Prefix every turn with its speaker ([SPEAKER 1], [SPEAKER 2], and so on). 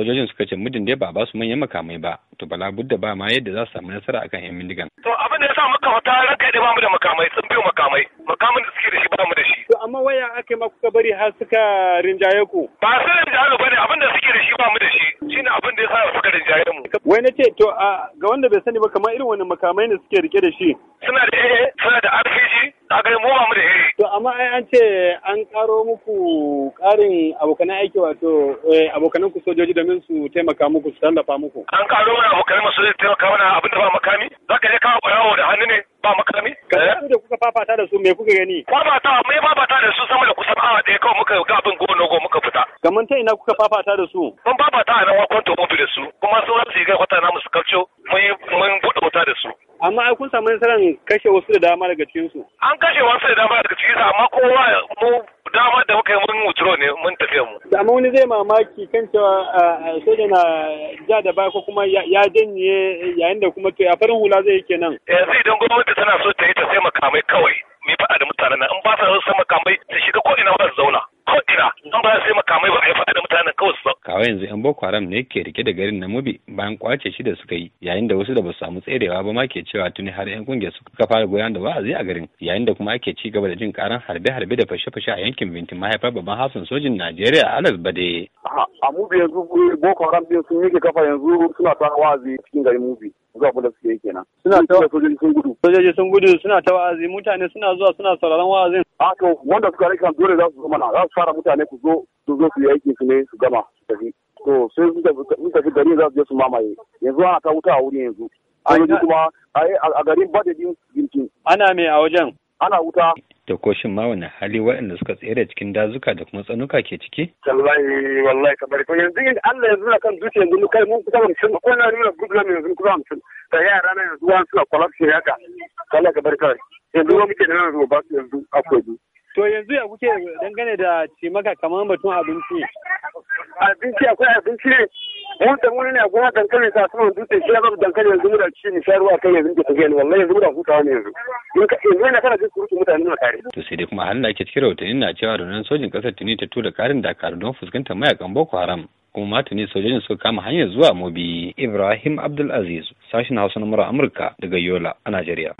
[SPEAKER 1] sojojin suka ce muddin dai ba ba su manyan makamai ba to bala budda ba ma yadda za su samu nasara akan yan
[SPEAKER 2] bindigan to abin da ya sa muka fata kai da ba mu da makamai sun biyo makamai makamin da suke da shi ba mu da shi
[SPEAKER 3] to amma waya ake ma kuka bari har suka rinjaye ku ba
[SPEAKER 2] su rinjaye ba ne
[SPEAKER 3] wai na ce to a ga wanda bai sani ba kamar irin wani makamai ne suke rike da shi
[SPEAKER 2] suna da AA eh, eh, suna da RPG a ga mu ba mu da ehe.
[SPEAKER 3] to amma ai an ce an karo muku karin abokan aiki wato eh, abokanan ku sojoji domin su taimaka muku su tallafa muku an karo mana abokan masu sojoji taimaka mana abinda ba makami ka
[SPEAKER 2] je kawo barawo da hannu ne ba makami da
[SPEAKER 3] kuka fafata da su me kuka gani
[SPEAKER 2] fafata mai fafata da su sama da kusan awa ɗaya kawai muka ga abin gono
[SPEAKER 3] kamar ta ina kuka fafata da su mun
[SPEAKER 2] fafata a nan wakon to da su kuma sun rasu ga kwata na musu kalco mun buɗe wuta da su
[SPEAKER 3] amma ai kun samu nasarar kashe wasu da dama daga cikin su
[SPEAKER 2] an kashe wasu da dama daga cikin su amma kowa mu dama da muka yi mun wuturo ne mun tafiya mu
[SPEAKER 3] amma wani zai mamaki kan cewa soja na ja da baya ko kuma ya janye yayin da kuma to ya farin hula zai yi kenan yanzu idan gwamnati tana so ta yi
[SPEAKER 2] ta sai makamai kawai
[SPEAKER 1] kawo yanzu yan boko haram ne ke rike da garin na mubi bayan kwace shi da suka yi yayin da wasu da ba su samu tserewa ba ma ke cewa tuni har yan kungiyar suka fara goyon da wa'azi a garin yayin da kuma ake ci gaba da jin karan harbe-harbe da fashe-fashe a yankin bintin mahaifar babban hafsan sojin najeriya alas bade
[SPEAKER 3] a mubi yanzu eh, boko haram din sun yake kafa yanzu suna ta wa'azi cikin garin mubi zuwa da suke kenan suna ta sojoji sun gudu sojoji sun gudu suna ta wa'azi mutane suna zuwa suna sauraron wa'azin haka wanda suka rika dole za su zo mana za su fara mutane ku zo su zo su yi aiki su ne su gama tafi to sai sun tafi gari za su je su mamaye yanzu ana ta wuta a wuri yanzu A sojoji kuma a garin ba da girkin ana me a wajen ana wuta
[SPEAKER 1] da ko shin ma wani hali waɗanda suka tsere cikin dazuka da kuma tsanuka ke ciki?
[SPEAKER 3] Wallahi wallahi kamar ko yanzu in Allah yanzu na kan zuciya yanzu kai mun kusa hamsin ko na nuna gudula mai yanzu kusa hamsin da yara na yanzu wani suna kwalafshe haka Allah ka barka yanzu wa muke da nan zuwa ba su yanzu akwai To yanzu ya kuke dangane da cimaka kamar batun abinci abinci akwai abinci mun dan wani ne kuma dankali sa sama dutse shi ya babu dankali yanzu muna ci ni sharuwa kai yanzu ke tafiya wallahi yanzu muna hutawa ne yanzu in ka yanzu ne kana jin surutu mutane na kare to
[SPEAKER 1] sai dai kuma halin da ake cikin rahotanni na cewa rundunar sojin kasar tuni ta tura karin dakaru don fuskantar mayakan boko haram kuma mata
[SPEAKER 3] sojojin suka kama hanyar zuwa mobi ibrahim abdulaziz sashin hausa na mura amurka daga yola a najeriya